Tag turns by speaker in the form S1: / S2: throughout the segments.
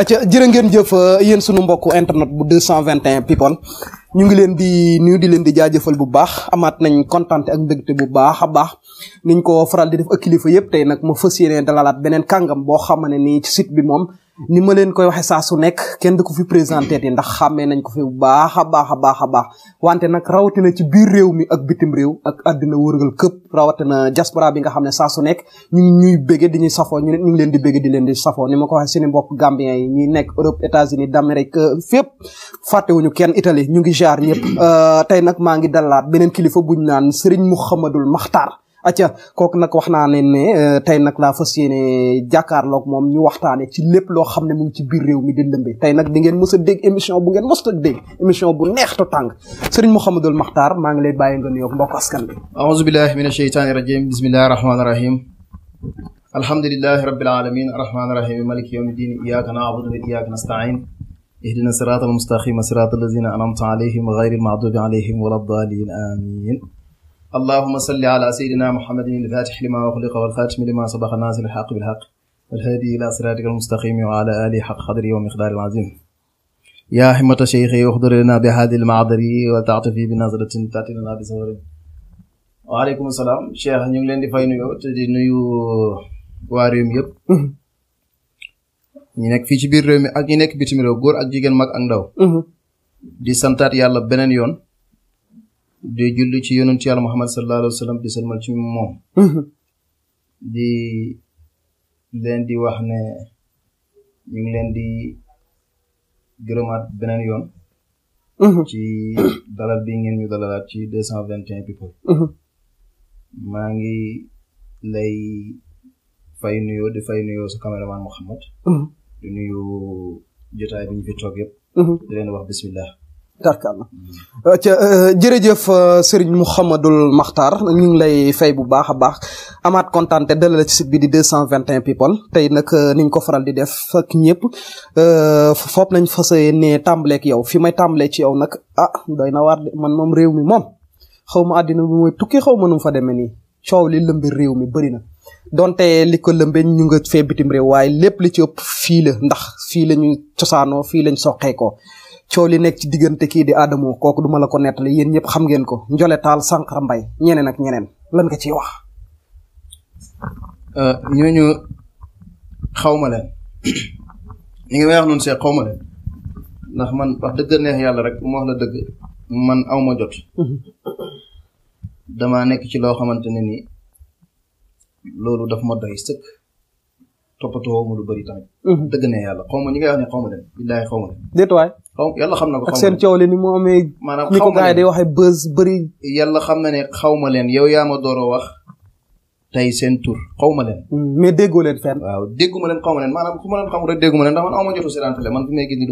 S1: acca jërë ngeen jëf euh, yéen sunu mbokku internet bu 221 people ñu ngi leen di nuyu di leen di jaajëfal bu baax amaat nañ kontaan ak mbégte bu baax a baax niñ ko faral di def ak kilifa yëpp tey nag ma fas yéene dalalaat beneen kàngam boo xam ne nii ci bi moom. ni ma leen koy waxee saa su nekk kenn du ko fi présenté di ndax xàmmee nañ ko fi bu baax a baax a baax a baax wante nag rawatina ci biir réew mi ak bitim réew ak àddina wërgal këpp rawatina diaspora bi nga xam ne saa su nekk ñu ñuy bége di ñu safo ñu ngi leen di bége di leen di safoo ni ma ko waxee suñu mbokk Gambien yi ñuy nekk Europe États-Unis d'Amérique euh, fépp fàttewuñu kenn Italie ñu ngi jaar ñëpp euh, tey nag maa ngi dalaat beneen kilifa buñ naan Serigne Mouhamadul Makhtar acca kooku nag wax naa leen ne euh, tey nag laa fas yéene jàkkaarloog moom ñu waxtaane ci lépp loo xam ne mu ngi ci biir réew mi di lëmbe tey nag di ngeen mës a dégg émission bu ngeen mës a dégg émission bu neex te tàng sëriñ Mouhamadul Makhtar maa ngi lay bàyyi nga nuyoog mbokk askan bi
S2: aouzu billahi min asheytaani rajim bismillahi rahmaani rahim alhamdulilahi rabbil alamin arrahmaani rahim maliki yawmi din iyyaka na'budu wa iyyaka nasta'in ihdina siraatal mustaqima siraatal lazina an'amta alayhim ghayril maghdubi alayhim waladdaalin amin allahuma salli ala seydina muhammadin ilfatix lima uxliqa walxaatimi lima sabaxa naasir ilxaq bilxaq walhaadi ila siraatika almustaqimi wa ala alihi xaq xadri wa miqdaari alazim yaa himmata cheikhi uxdur lana bi haadi almaadari wa taatafi bi nazratin taati lana bi sawarin waaleykum salaam cheikh ñu ngi leen di fay nuyoo te di nuyu waa réew mi yëpp ñu nekk fii ci biir réew mi ak ñu nekk bitim réew góor ak jigéen mag ak ndaw mhm. di santaat yàlla beneen yoon di julli ci yonentu yàlla muhammad sallallahu alayhi wa sallam di salmal ci moom mhm. di leen di wax ne ñu ngi leen di gërëmaat beneen yoon mhm. ci dalal bi ngeen ñu dalalaat ci deux cent vingt et un mhm. maa ngi lay fay nuyoo di fay nuyoo sa caméraman muhammad di nuyu jotaay bi ñu fi toog yëpp di leen wax
S1: bismillah tarkalla euh, ca euh, jërëjëf euh, Serigne Mouhamadul Makhtar ñu ngi lay fay bu baax a baax amaat kontaan te dalal la ci site bi di 221 people tey nag niñ ko faral di def ak ñëpp foop nañ fas yéenee tàmbaleeg yow fi may tàmbalee ci yow nag ah doy na waar de man moom réew mi moom xaw ma àddina bi mooy tukki xaw ma nu fa demee nii coow li lëmbi réew mi bëri na. donte li ko lëmbee ñu nga fee bitim réew waaye lépp li ci ëpp fii la ndax fii la ñu cosaanoo fii lañ soqeekoo. coow li nekk ci diggante kii di Adamo kooku duma la ko nettali yéen ñëpp xam ngeen ko Ndiolé Tall Sankara Mbaye ñeneen ak
S2: ñeneen lan nga ciy wax. Euh, ñooñu xaw ma leen ñi ngi may wax xaw ma man dëgg yàlla rek bu la dëgg aw ma jot. Mhm. ci loo xamante ne ni loolu daf ma doy sëkk toppatoo lu bëri tamit. Mhm. yàlla xaw ma leen billaahi xaw xaw yàlla xam na ak seen
S1: coow li ni mu amee. maanaam ma leen ni ko gars yi day waxee bës bëri.
S2: yàlla xam na ne xaw ma leen yow yaa ma door a wax tey seen tur xaw ma leen. Mm, mais déggoo leen fenn. waaw déggu ma leen xaw ma leen maanaam ku ma leen xamul rek ma leen ndax man aw ma jotu sédantale man fi may gis nii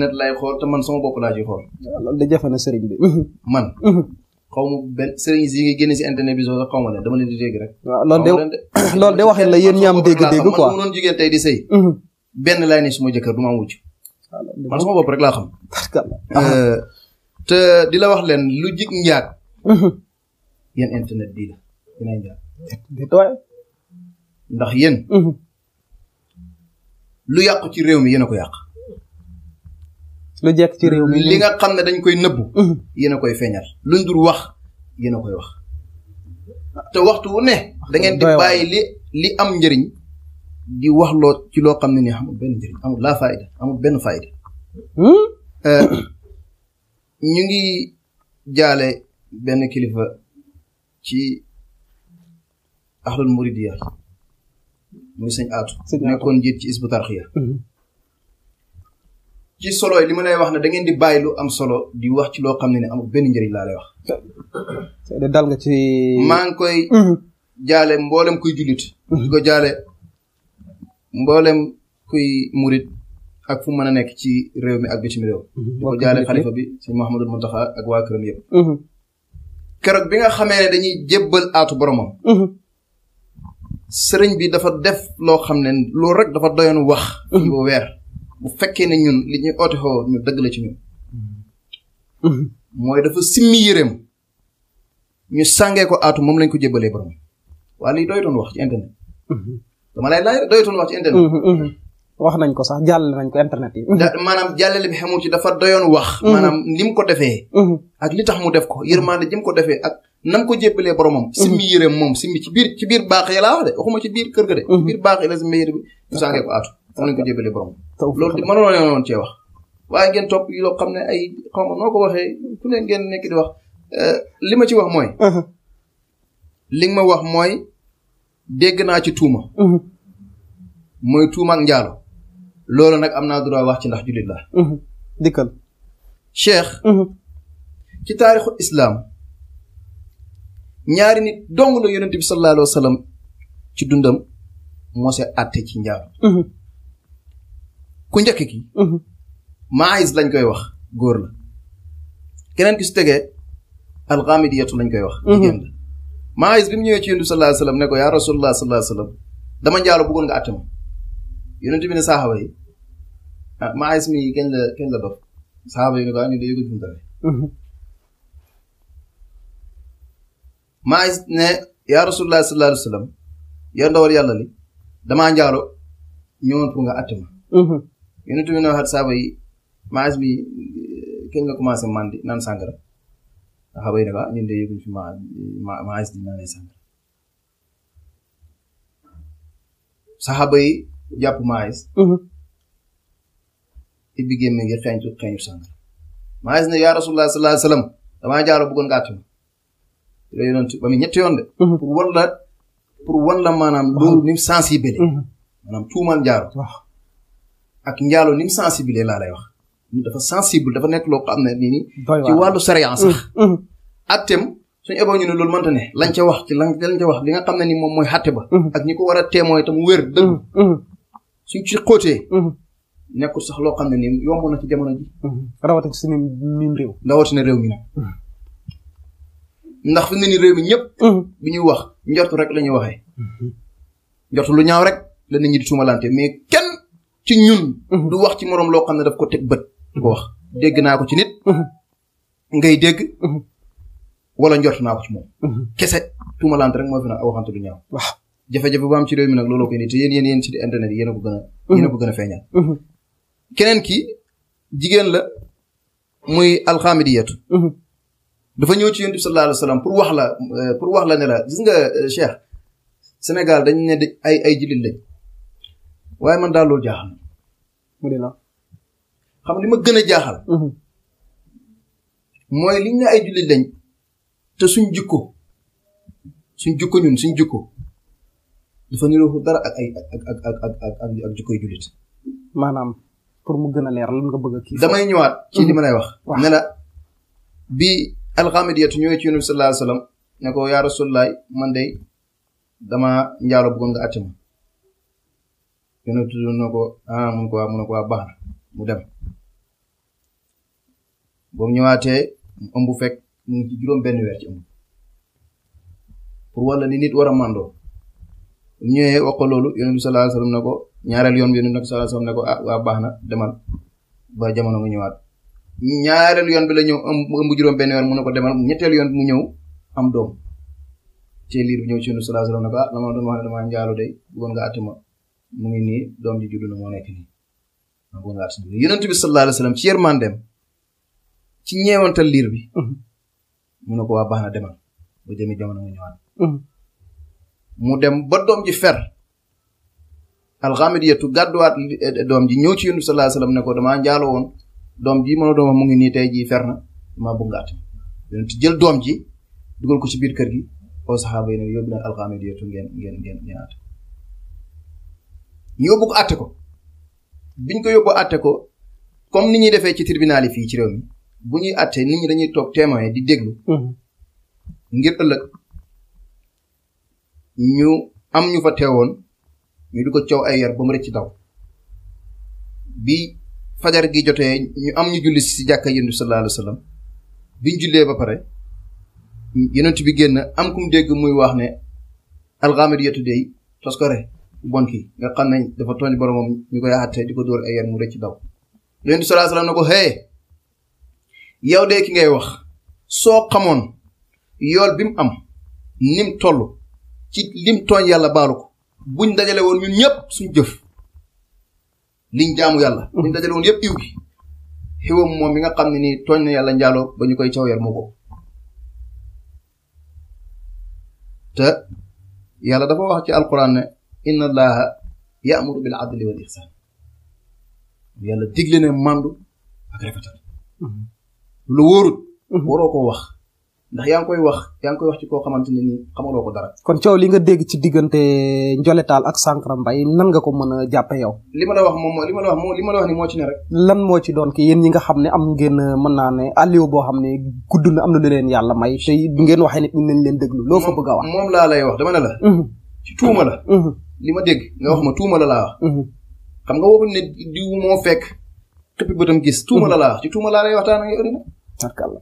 S2: mm. man sama bopp laa ciy xool. loolu da jafe na sëriñ bi. man. Mm-hmm. xaw ma benn sëriñ si nga génne si xaw ma dama leen di dégg rek. waaw loolu de loolu de waxin la yéen ñi am dégg-dégg quoi man mu doon jigéen tey di sëy. Mm-hmm. benn laay ne suma jëkkër du ma am wujj man sama bopp rek laa xam. Ah. Euh, te di la wax leen lu jig njaag. Mhm. yéen internet bii ndax yéen. Mhm. lu yàqu ci réew mi yéen a ko yàq. lu jekk ci réew mi li nga xam ne dañ koy nëbbu. Mhm. yéen a koy feeñal luñ dul wax yéen a koy wax. te waxtu wu ne. da ngeen di bàyyi li li am njëriñ. di wax loo ci loo xam ne nii amul benn njëriñ amul laa fayda benn fayda hmm? euh, ñu ngi jaale benn kilifa ci ahlul muridiya muy sëñ aatu nekkoon njiit ci isbu tarxiya hmm. ci solo li ma lay wax ne dangeen di bàyyi lu am solo di wax ci loo xam ne ne amul benn njëriñ laa wax dal nga ci maa ngi koy hmm. jaale mboolem kuy jullit di ko jaale mboolem kuy murit ak fu mën a nekk ci réew mi ak bitim réew mhm. di ko jaale xalifa bi sëñ Mouhamadul Mountakha ak waa këram yëpp mhm. keroog bi nga xamee ne dañuy jébbal aatu boromam mhm. sëriñ bi dafa def loo xam ne loolu rek dafa doyoon wax bu weer bu fekkee ne ñun li ñuy oote xoo ñu dëgg la ci ñun mooy dafa simmi yéreem ñu sàngee ko aatu moom lañ ko jébbalee borom waa lii doy doon wax ci internet dama lay laaj doyatul wax ci internet. Mhm, mhm. wax nañ ko sax jàllale nañ ko internet yi. maanaam jàllale bi xamul ci dafa doyoon wax. Mhm. maanaam li mu ko defee. ak li tax mu def ko yërmande ji mu ko defee ak nam ko jébbalee boromam. simmi yëreem moom simmi ci biir ci biir baax yi laa wax de waxuma ci biir kër ga de. ci biir baax yi la simmi yëre bi ñu ko aatu. moom lañ ko jébbalee boromam. loolu di mënoon nañu woon cee wax. waaye ngeen topp yi loo xam ne ay xaw noo ko waxee ku ne ngeen nekk di wax euh, li ma ci wax mooy. ma wax mooy dégg naa ci tuuma. Mhm. mooy tuuma ak njaalo. loolu nag am naa droit wax ci ndax ju la. Mhm. dikkal. cheikh. Mhm. ci taarixu islam ñaari ni dong la yonente bi sallallahu alayhi ci dundam moo see ci njaalo. ku njëkk ki. maïs lañ koy wax góor la. keneen ki su tegee alxamidiyatu lañ koy wax. jigéen la. maayis bi mu ñëwee ci yonent bi sallallahu ne ko yaa rasulullah sallallahu alayhi wasallam dama njaalo bëggoon nga àtte ma yonent ne saxaaba yi ah maayis mi kañ la la dof saxaaba yi ne ko ah ñu de yàlla li damaa njaalo ñëwoon pour nga mhm. bi ne waxaat saxaaba yi maayis bi kañ la commencé mandi naan sàngara xabayi ne ko ah, ñun de yëguñ fi ma maas dina lay sang saxaaba yi jàpp maas mm-hmm. ibbi gémme ngi xeeñtu xeeñu sang maas yaa rasulullah sallallahu alayhi wasallam damaa jaaro bëggoon nga àttuma la yonent ba mu ñetti yoon mm-hmm. mm-hmm. ak njaalo ni mu sensibiliser laa lay wax dafa sensible dafa nekk loo xam ne nii nii. ci wàllu sariya sax. àtteem mm, mm. suñu eboo ñu ne loolu mënta ne lañ ca wax ci lañ lañ ca wax li nga xam ne nii moom mooy àtte ba. Mm. ak ñi ko war a témoin itam wér dëgg. suñ ci xóotee. nekkul sax loo xam ne nii yomb na ci jamono ji. rawatina suñu miin réew. réew mi nag. ndax fi ne nii réew mi ñëpp. bu ñuy wax njortu rek lañuy ñuy waxee. Mm-hmm. njortu lu ñaaw rek la nit ñi di tuumalante mais kenn ci ñun. Mm-hmm. du wax ci moroom loo xam ne daf ko teg bët. di ko wax naa ko ci nit mhm. ngay dégg mhm. wala njort naa ko ci moom mhm. kese tuumalant rek moo fi nag waxante du ñaaw waaw jafe-jafe bu am ci réew mi te yéen yéen yéen site internet yi a ko gën a yéen a ko gën a feeñal keneen ki jigéen la muy alxamidiyatu dafa ñëw ci yonent bi sallallahu alayhi wa sallam pour wax la euh, pour wax la ne la gis nga euh, Cheikh Sénégal dañ ne ay ay jullit lañ waaye man daal loolu jaaxal xam li ma gën a jaaxal. Mhm. mooy liñ ay jullit lañ te suñ jikko suñ jikko ñun suñ jikko dafa niroo dara ak ak ak jikkoy jullit. maanaam pour mu gën a leer lan nga bëgg a kii. damay ñëwaat ci li mhm. ma lay wax. ne la bi alxamidiyatu ñëwee ci yonent bi sallallahu alayhi ne ko yaa rasulallaay man de dama njaalo bëggoon nga àtte ma. yonent bi ne ko ah mun ko mun ko baax mu dem. ba mu ñëwaatee mu fek fekk mu ngi juróom-benn weer ci ëmb pour ni nit war a màndoo mu ñëwee wax ko loolu yonent bi sallallahu alayhi wasallam ne ko ñaareel yoon bi yonent bi ne ko ah baax na demal ba jamono mu ñëwaat ñaareel yoon bi la ñëw ëmb juróom-benn weer mu na ko demal ñetteel yoon mu ñëw am doom ci liir bi ñëw ci yonent bi sallallahu alayhi wasallam ko ah dama doon wax ne damaa njaalu day bëggoon nga àtte ma mu ngi nii doom ji juddu na moo nekk nii bi sallallahu alayhi wasallam ci yërmandeem ci ñeewantal liir bi. Mhm. mu ne ko waa baax na demal ba mhm. mu dem ba doom ji fer. alxamidiyatu gàdduwaat eh, eh, doom ji ñëw ci yonent bi sallallahu alayhi wasallam ne ko damaa njaalo woon doom ji mën a doomam mu ngi nii tey jii fer na damaa bëgg nga àtte jël doom ji dugal ko ci biir kër gi oo saxaaba yi ne yóbbu na alxamidiyatu ngeen ngeen ngeen ngeen ñu yóbbu ko ko biñ ko yóbbu àtte ko comme ni ñuy defee ci tribunal yi fii ci réew mi bu ñuy àttee nit ñi dañuy toog témoin di déglu. Mm-hmm. ngir ëllëg ñu am ñu fa teewoon ñu di ko coow ay yar ba mu rëcc daw bi fajar gi jotee ñu am ñu julli si jàkka yëndu sallallahu alayhi wa sallam ba pare yonent bi génn am kum dégg muy wax ne alxamidiyatu dey toskore bon kii nga xam nañ dafa tooñ moom ñu koy àttee di ko dóor ay yar mu rëcc daw yonent sallallahu alayhi na ko hey yow de ki ngay wax soo xamoon yool bi am nim toll ci lim tooñ yàlla baalu ko buñ dajale woon ñun ñëpp suñ jëf liñ jaamu yàlla buñ dajale woon yëpp iw gi xiwam moom mi nga xam ne nii tooñ na yàlla njaaloo ba ñu koy caw yar moo ko te yàlla dafa wax ci alquran ne inna allaha ya'muru bil adli wal ihsan yàlla digle ne màndu ak rafetal mhm. lu wóorut. Mhm. waroo ko wax ndax yaa ngi koy wax yaa ngi koy wax ci koo xamante ne nii xamaloo ko dara.
S1: kon coow li nga dégg ci diggante Ndioletaal ak Sankara Mbaye nan nga ko mën a jàppe yow.
S2: li ma la wax moom li ma la wax moom li ma la ni moo ci ne rek.
S1: lan moo doon ki yéen ñi nga xam ne am ngeen mën naa ne boo xam ne gudd na am na lu leen yàlla may te du ngeen waxee nit
S2: ñi leen déglu. loo fa bëgg a wax moom laa lay wax dama ne la. Mhm. ci tuuma la. Mhm. li ma dégg nga wax ma tuuma la laa wax. xam nga waxuñ ne diw moo fekk xëppi bëtam gis. tuuma la laa tarkal
S1: la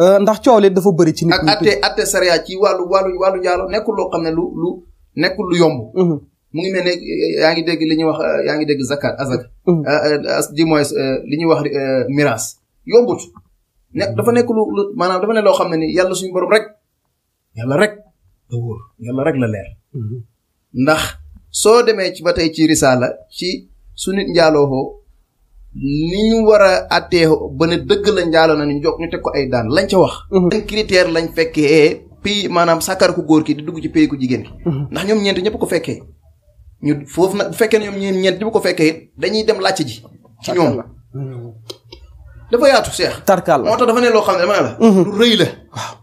S1: euh, ndax coow li dafa bëri ci
S2: nit ñi. ak atte sariya ci wàllu wàllu wàllu njaalo nekkul loo xam ne lu lu lu yomb. Mhm. mu ngi mel ne eh, yaa ngi dégg li ñuy wax eh, yaa ngi dégg zakat azak. Mhm. Euh, euh, di mooy li ñuy wax miraas yombut. ne dafa nekk lu lu maanaam dafa ne loo xam ne ni yàlla suñu borom rek yàlla rek da wóor la leer. Mhm. ndax soo demee ba tey ci risaala ci su nit njaaloo ni ñu war a àttee ba ne dëgg la njaalo na ñu jox ñu teg ko ay daan lañ ca wax. Mhm. yan critère lañ fekkee pii maanaam sàkkar góor ki di dugg ci pays ku jigéen ki. Mhm. ndax ñoom ñeent ñëpp ko fekkee. ñu foofu nag bu fekkee ne ñoom ñeent ñeent ñëpp ko fekkee dañuy dem làcc ji. ci ñoom dafa yaatu seex. tarkaal moo tax dafa ne loo xam ne dama ne la. Mhm. lu rëy la. waaw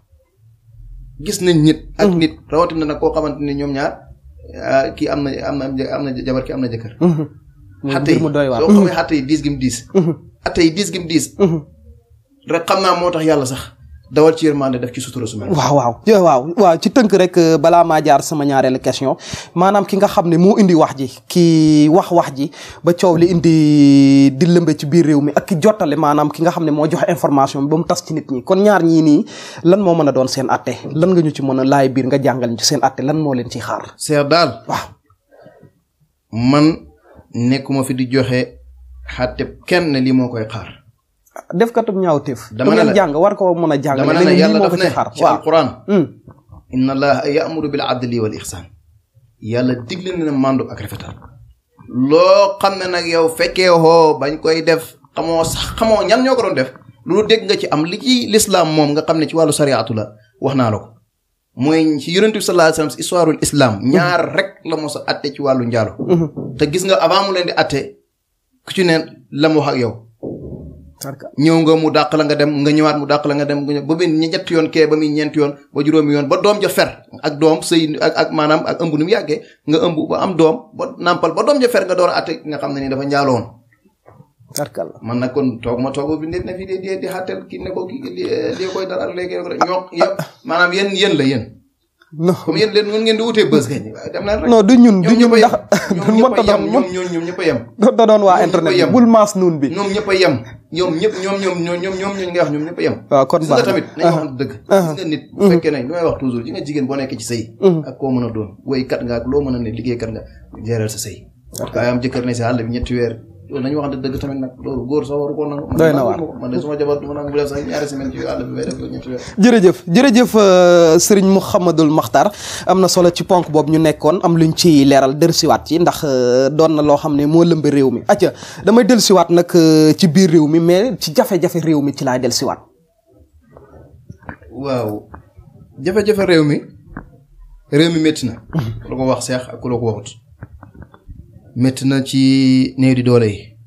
S2: gis nañ nit. ak nit rawatina nag koo xamante ne ñoom ñaar ah, kii am na am na am na jabar ki am na jëkkër. xatte yi soo xamee mhm. xatte mhm. mhm. naa moo tax yàlla sax dawal ci yërmande def ci su mel waaw waaw
S1: waaw waaw ci tënk rek euh, balaa maa jaar sama ñaareelu question maanaam ki nga xam ne moo indi wax ji ki wax wax ji ba coow li indi di lëmbe ci biir réew mi ak ki jottale maanaam ki nga xam ne moo joxe information bi ba mu tas ci nit ñi kon ñaar ñii nii lan moo mën a doon seen atte lan nga ñu
S2: ci mën a laay biir nga jàngal ñu ci seen atte lan moo leen ciy xaar seer daal nekkuma fi di joxe xàtteb kenn li moo koy xaar.
S1: def katub ñaawteef. dama ne la jàng war koo mën a jàng. dama ne la yàlla daf ne ci
S2: alquran. Hmm. inna allaha yaamuru bil adli wal ihsan yàlla digle na mandu ak rafetal. loo xam ne nag yow fekkee hoo bañ koy def xamoo sax xamoo ñan ñoo ko doon def. loolu dégg nga ci am li ci lislaam moom nga xam ne ci wàllu sariyaatu la wax naa la mooy si yonent bi sallallahu alayhi wasallam mhm. ñaar rek la mos a atte ci wàllu njaalo mhm. te gis nga avant mu leen di atte ku ci ne la mu wax ak yow nga mu dàq la nga dem nga ñëwaat mu dàq la nga dem ba muy ñetti yoon kee ba muy ñeenti yoon ba juróomi yoon ba doom ja fer ak doom sëy ak maanaam ak ëmb nu mu yàggee nga ëmb ba am doom ba nàmpal ba doom ja fer nga door a atte nga xam ne nii dafa njaaloon tarkal man nag kon toog ma toog bi nit ne fii di di di xàttel ki ne ko ki di koy dal ak léegi rek ñoo yëpp maanaam yéen yéen la yéen non comme yéen leen mën ngeen di wutee bës gañ dem leen rek non du ñun du ñun ndax ñoom ñëpp a yem ñoom ñoom ñoom ñëpp a yem da doon waa internet bi bul maas nuun bi ñoom ñëpp a yem ñoom ñëpp ñoom ñoom ñoom ñoom ñoom ñooñu nga wax ñoom ñëpp a yem waaw kon baax tamit nañu wax uh-huh. dëgg uh-huh. gis nga nit bu uh-huh. fekkee ne li may wax toujours yi nga jigéen boo nekk ci sëy ak koo mën a doon woykat nga ak loo mën a ne liggéeykat nga jéeral sa sëy waaye am jëkkër ne si àll bi ñetti weer loolu nañu waxante dëgg tamit nag loolu góor sax waru na waar man de sama jabar du ma nangu bu def sax ñaari semaine ci jërëjëf jërëjëf euh, Serigne
S1: Mouhamadul am na solo ci ponk boobu ñu nekkoon am lu ñu ci leeral siwaat ci ndax euh, doon na loo xam ne moo lëmb réew mi. acca damay siwaat nag euh, ci biir réew mi mais ci jafe-jafe réew mi ci laay dellusiwaat.
S2: waaw jafe-jafe réew mi réew mi métti na. ku la ko wax seex ak ku la ko waxut. métti na ci néew di doole yi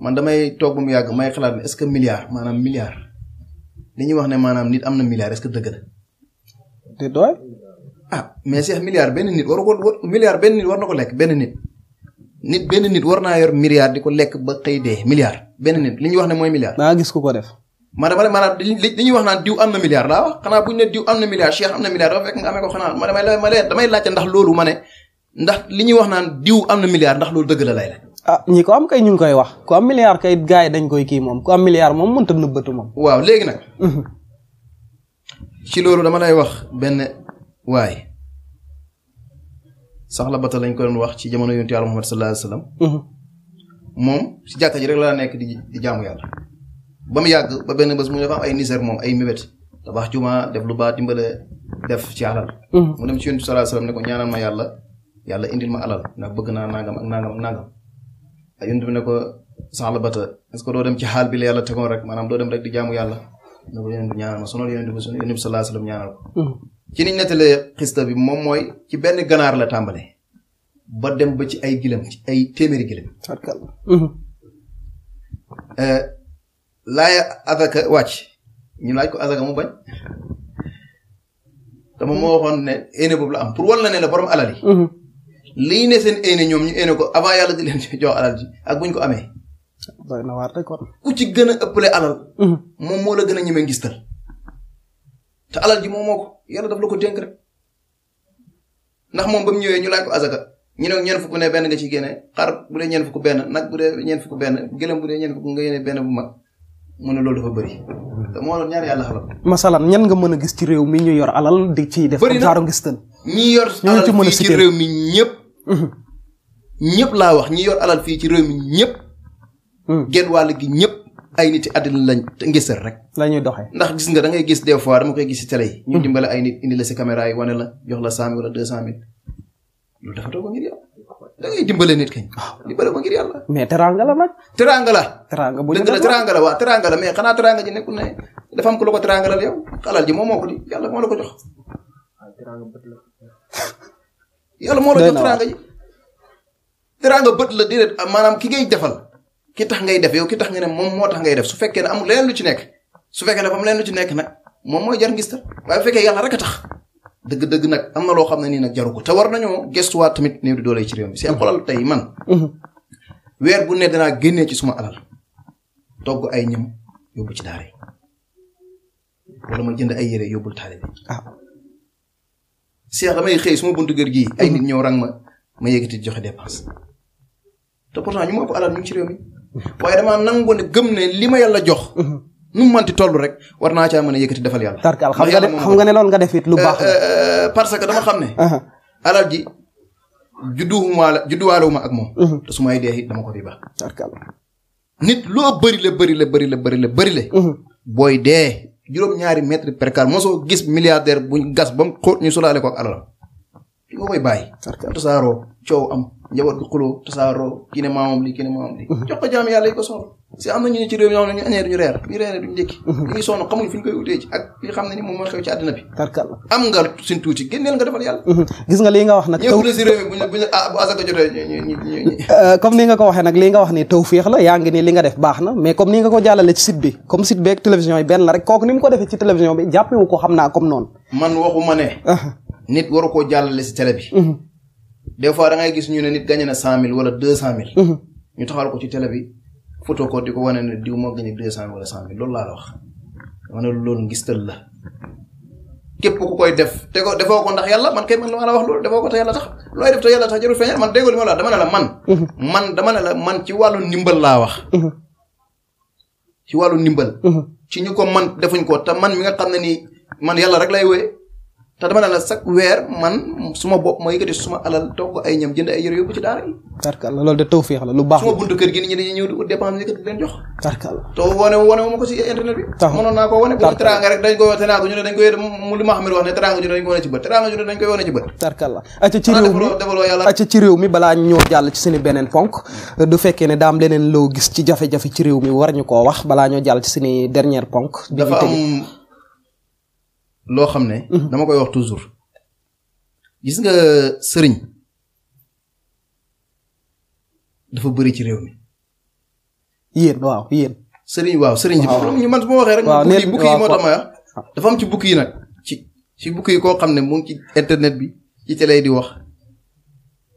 S2: man damay toog ba mu yàgg may xalaat ne que milliard maanaam milliard li ñuy wax ne maanaam nit am na milliard est que dëgg la. te doy. ah mais Cheikh milliard benn nit war ko milliard ko lekk benn nit. nit war naa yor milliard di ko lekk ba xëy dee milliard benn nit li ñuy wax ne mooy milliard. maa gis ku ko def. ma wax naan diw am na milliard laa xanaa bu ñu ne diw am na damay laajte ndax loolu ma ne ndax li ñuy wax naan diw am na milliard ndax loolu dëgg la lay la
S1: ah ñi ko am kay ñu ngi koy wax ku am milliard kay gars yi dañ koy kii moom ku am milliard moom mënta nëbbatu moom.
S2: waaw léegi nag. Mhm. ci loolu dama lay wax benn waay sax la ko doon wax ci jamono yonent Yàlla Muhammad sallallahu alayhi wa si mhm. jàkka ji rek la nekk di di jaamu yàlla. ba mu yàgg ba benn bés mu dafa am ay niseer moom ay mébét tabax jumaa def lu baax dimbale def ci alal. Mhm. mu dem ci yonent ne ko ñaanal ma yàlla. yàlla indil ma alal ndax bëgg naa nangam ak nangam ak nangam yonent bi ne ko saxla bata est-ce que doo dem ci xaal bi la yàlla tegoon rek maanaam doo dem rek di jaamu yàlla ne ko yonent bi ñaanal ma sonal yonent bi sonal yonent bi salaa salaam ñaanal ko hmm. ci niñ nettalee xista bi moom mooy ci benn ganaar la tàmbale ba dem ba ci ay gilam ci ay téeméeri gilam hmm. eh, laaya azaka wàcc ñu laaj ko azaka mu bañ te moom moo waxoon ne éene boobu la am pour wal na ne la borom alal yi hmm. lii ne seen eene ñoom ñu eene ko avant yàlla di leen jox alal ji ak buñ ko amee. doy na waar ku ci gën a ëppale alal. Mhm. moom moo la gën a ñemee ngistal te alal ji moom moo ko yàlla daf la ko dénk rek ndax moom ba ñëwee ñu laaj ko azaka ñu ne ñeen fukk ne benn nga ci génne xar bu dee ñeen fukk benn nag bu dee ñeen fukk benn gëlëm bu dee ñeen fukk nga yéene benn bu mag mu loolu dafa bëri. te moo doon ñaar yàlla xalal.
S1: masalan ñan nga mën a gis ci réew mi ñu yor alal di ci def. bëri na
S2: ñi yor alal fii ci réew mi ñëpp ñëpp laa wax ñi yor alal fii ci réew mi ñëpp. genn wàll gi ñëpp ay nit yi àddina lañ ngisal rek. la ñuy doxee ndax gis nga da ngay gis des fois dama koy gis ci télé yi. dimbale ay nit indi la si caméra wane la jox la cent mille wala deux cent mille loolu dafa toog nit kañ. waaw dimbale ko ngir yàlla. mais teraanga la nag. teraanga la. teraanga bu ñu dëgg la teraanga la waaw teraanga la mais xanaa teraanga ji nekkul ne dafa am ku la ko teraangalal yow alal ji moom moo ko di yàlla moo la ko jox.
S1: yàlla moo la jox teraanga ji
S2: teraanga bët la déedéet ah, maanaam ki ngay defal ki tax ngay def yow ki tax nga ne moom moo tax ngay def su fekkee ne amul leneen lu ci nekk su fekkee ne ba mu nekk nag moom mooy jar ngistal waaye bu fekkee yàlla rek a tax dëgg-dëgg nag am na loo xam ne nii nag jaru ko te war nañoo gestuwaat tamit néew di doole ci réew mi seen mhm. xolal tay man mhm. weer bu ne danaa génnee ci suma alal togg ay ñam yóbbu ci daara yi wala jënd ay yére yóbbul taalibe Cheikh damay xëy suma buntu kër gii. ay mhm. nit ñëw rang ma ma yëkkati joxe dépense. te pourtant ñu ma ëpp alal ñu ci réew mi. Mhm. waaye damaa nangu ne gëm ne li ma yàlla jox. Mhm. nu mu ti toll rek war naa caa mën a yëkkati defal yàlla. tarkaal xam nga ne xam nga ne
S1: loolu nga def it lu baax euh,
S2: euh, euh, parce que dama xam ne. alal ji judduwaale judduwaalewuma ak moom. te su may dee it dama ko fi baax. nit loo bëri la bëri la bëri la bëri la bëri la. booy dee juróom-ñaari mètre per carré mosoo gis milliardaire buñ gas ba mu xóot ñu sulaale ko ak fi nga koy bàyyi. tasaaroo coow am njaboot gi xuloo tasaaroo kii ne maamam lii kii ne maamam lii. Mhm. jox ko jaam yàlla na ñu moom mooy xew bi am nga suñ tuuti génneel nga defal yàlla mhm. gis nga lii nga wax nag ñëw si réew mi buñ ah,
S1: euh, comme ni nga ko waxee nag lii nga li nga def baax na mais comme ni nga ko jàllale ci site bi comme site ko defee ci télévision bi jàppewu ko xam naa comme noonu
S2: man waxuma nit waru koo jàllale si télé bi. Mhm. des fois da ngay gis ñu ne nit gagné na cent mille wala deux cent mille. Mhm. ñu taxawal ko ci télé bi photo ko di ko wane ne diw moo gagné deux cent mille wala loolu laa wax. ma ne loolu ngistal la. képp ku koy def te defoo ko ndax yàlla man kay man la ma la wax loolu defoo ko te yàlla tax looy def ma la wax dama ne la man. Mhm. man dama ne la man ci wàllu ndimbal laa wax. ci wàllu ndimbal. ci ñu ko man defuñ ko te man mi nga xam ne nii man yàlla rek lay wéy. te dama ne la chaque weer man suma bopp ma yëkkati suma alal togg ay ñam jënd ay yëre yóbbu ci daara yi.
S1: tarkal la loolu lu baax. suma buntu
S2: kër gi nit ñi dañuy ñëw di dépense yëkkati ma ko ci internet bi. naa ko wane bu teraanga rek dañ ko teraanga ñu ne mu li xam ne wax ne ci bët teraanga ñu
S1: ci la ci réew mi acca ci réew mi balaa ñoo jàll ci seeni beneen ponk du fekkee ne daam leneen loo gis ci jafe-jafe ci réew mi war ñu koo wax balaa ñoo
S2: jàll ci seeni dernière ponk dafa am loo xam ne. Mhm. dama koy wax toujours. gis nga sëriñ dafa bari ci réew mi. yéen waaw yéen. sëriñ waaw sëriñ. waaw ñu man su waxee rek. waaw bukki bukki yi moo tax ma dafa am ci bukki yi nag. ci ci bukki yi koo xam ne mu ngi ci internet bi ci télé di wax.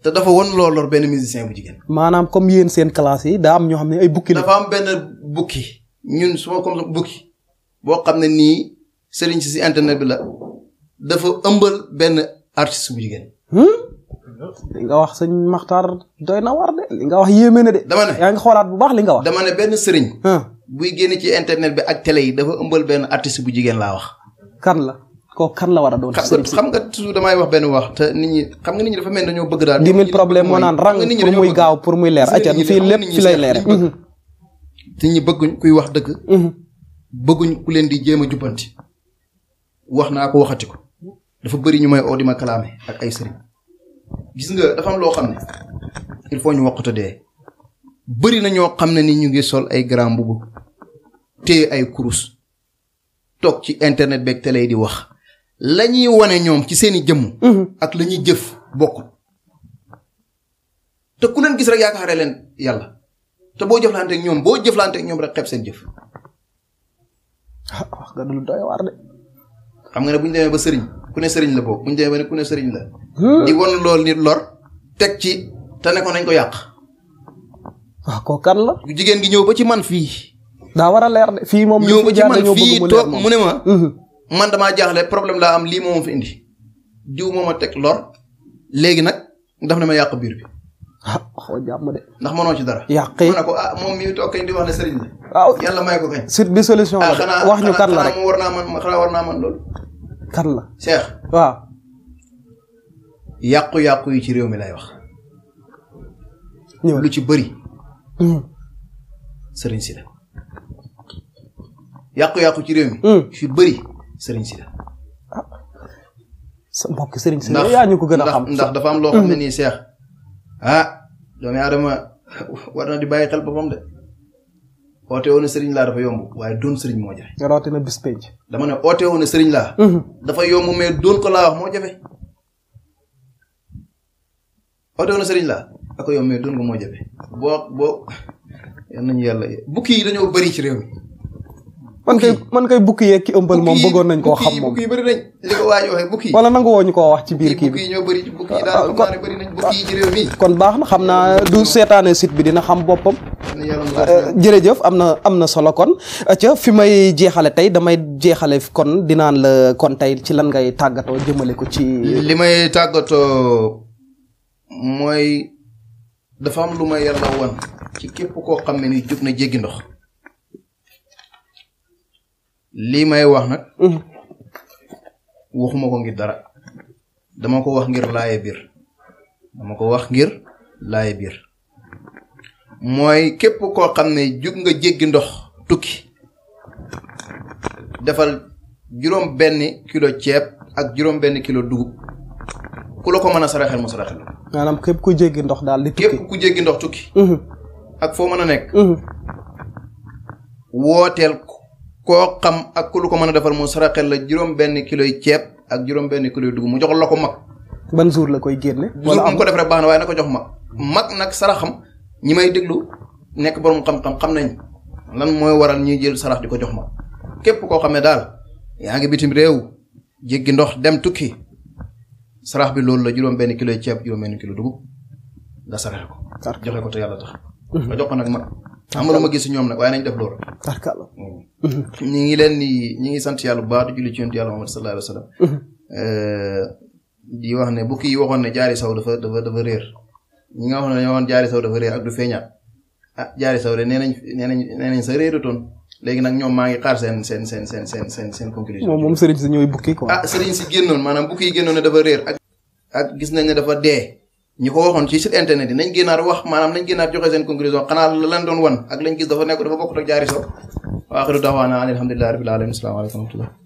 S2: te dafa won loo lor benn musicien bu jigéen.
S1: maanaam comme yéen seen classe yi daa am ñoo xam ne ay bukki la. dafa
S2: am benn bukki ñun su ma comme bukki boo xam ne nii. sëriñ si si internet bi la dafa ëmbal benn artiste bu jigéen. Hmm?
S1: li nga wax sëñ Maxtaar
S2: doy na war de li nga wax yéeme na de. dama ne yaa ngi xoolaat bu baax li nga wax. dama ne benn sëriñ. Hmm. buy génn ci internet bi ak télé yi dafa ëmbal benn artiste bu jigéen laa wax. kan la kooku kan la war a doon. xam nga toujours damay wax benn wax te nit ñi xam nga nit ñi dafa mel dañoo bëgg daal. di mille problème moo naan rang pour muy gaaw pour muy leer. acca fii lépp fi lay leer. Hmm. nit ñi bëgguñ kuy wax dëgg. bëgguñ ku leen di jéem a jubbanti. wax naa ko waxati ko dafa bëri ñu may oo di ma kalaame ak ay sëriñ gis nga dafa am loo xam ne il faut ñu waxtu dee bëri na ñoo xam ne ni ñu ngi sol ay grand mbubb te ay kurus toog ci internet beeg télé di wax lañuy ñuy wane ñoom ci seeni jëmm mhm. ak la ñuy jëf bokkul te ku leen gis rek yaakaare leen yàlla te boo jëflante ak ñoom boo jëflante ñoom rek xeeb seen jëf ah, wax nga lu xam nga ne bu ñu demee ba sëriñ ku ne sëriñ la boobu bu ñu demee ba ne ku ne sëriñ la. Hmm. di won lool nit lor teg ci te ne ko nañ ko yàq. waaw ah, kooku kan la. jigéen gi ñëw ba ci man fii. daa war a leer de fii moom. ñëw ba ci man fii toog mu ne ma. Hmm. man damaa jaaxle problème laa am lii moom fi indi. diw moom a teg lor. léegi nag daf ne ma yàq biir bi. ah wax nga jàmm de. ndax mënoo ci dara. yàq yi ma ko ah moom mi ngi toog kañ di wax ne sëriñ la. waaw yàlla may ko kañ. suite bi ah, la wax ñu kan la war naa man xanaa war naa man loolu. la. Cheikh. yàqu-yàqu yi ci réew mi lay wax. ñëw lu ci bëri. Hmm. sëriñ si la. yàqu-yàqu ci réew mi. fi hmm. bëri sëriñ si ah.
S1: sa mbokk sëriñ si la yaa
S2: ñu ko gën a xam ndax dafa am loo hmm. xam ne nii Cheikh. ah doomi war na di bàyyi xel boppam de. oote woon na sëriñ laa dafa yomb waaye doon sëriñ moo jafe. rawatina bis penc. dama ne laa. Mhm. dafa yomb mais doon ko laa wax moo jafe. oote woon na sëriñ laa moo jafe boo boo yal nañu yàlla bukki yi dañoo bari ci réew mi.
S1: man kay man kay bukki yeeg ki ëmbal moom bëggoon nañ koo xam moom bukki
S2: yi bukki nañ li ko waaj waxee
S1: bukki yi. wala nangu koo wax ci biir kii bi bukki yi kon baax na xam naa du seetaane site bi dina xam boppam
S2: Euh,
S1: jërëjëf am na am na solo kon ca fi may jeexale tey damay jeexale kon dinaan la kon tey ci lan ngay tàggatoo jëmale ko ci.
S2: li may tàggatoo mooy dafa am lu ma yàlla woon ci képp koo xam ne ni jub na jéggi ndox lii may wax nag. Mhm. waxuma ko ngir dara dama ko wax ngir laaye biir dama ko wax ngir laaye biir. mooy képp koo xam ne jug nga jéggi ndox tukki defal juróom benn kilo ceeb ak juróom benn kilo dugub ku la ko mën a saraxel mu saraxel maanaam képp ku jéggi ndox daal di tukki ku jéggi ndox tukki mhm. ak foo mën a nekk mhm. wooteel koo xam ak ko mën a defal mu saraxel la juróom benn kiloy ceeb ak juróom benn kiloy dugub mu jox la ko mag ban jour
S1: la koy génne wala am
S2: ko def rek baax na waaye na ko jox mag mag nag saraxam ñi may déglu nekk borom xam-xam xam nañ lan mooy waral ñuy jël sarax di ko jox ma képp koo xam ne daal yaa ngi bitim réew jéggi ndox dem tukki sarax bi loolu la juróom-benn kilo ceeb juróom-benn kilo dugub nga saraxe ko. joxe ko te yàlla tax. Mhm. nga jox ko nag man. amul ma gis ñoom nag waaye nañ def loolu. tarkala. Mhm. Mhm. ñu ngi leen di ñu ngi sant yàlla bu baax di julli ci yonent yàlla Muhammad sallallahu wa euh, di wax ne bu kii waxoon ne jaari saw dafa dafa dafa réer. ñi nga xam ne ñoo woon jaari saw dafa réer ak du feeñaat ah jaari saw de nee nañ nee nañ nee nañ sa réerutoon léegi nag ñoom maa ngi xaar seen seen seen seen seen seen seen conclusion.
S1: moom moom sëriñ si ñooy bukki quoi. ah
S2: sëriñ si génnoon maanaam bukki génnoon ne dafa réer ak. ak gis nañ ne dafa dee. ñi ko waxoon ci site internet yi nañ génnaar wax maanaam nañ génnaar joxe seen conclusion xanaa lan doon wan ak lañ gis dafa nekk dafa bokkut jaari saw. waaw xëy na daaw waane alhamdulilah rabbil alamin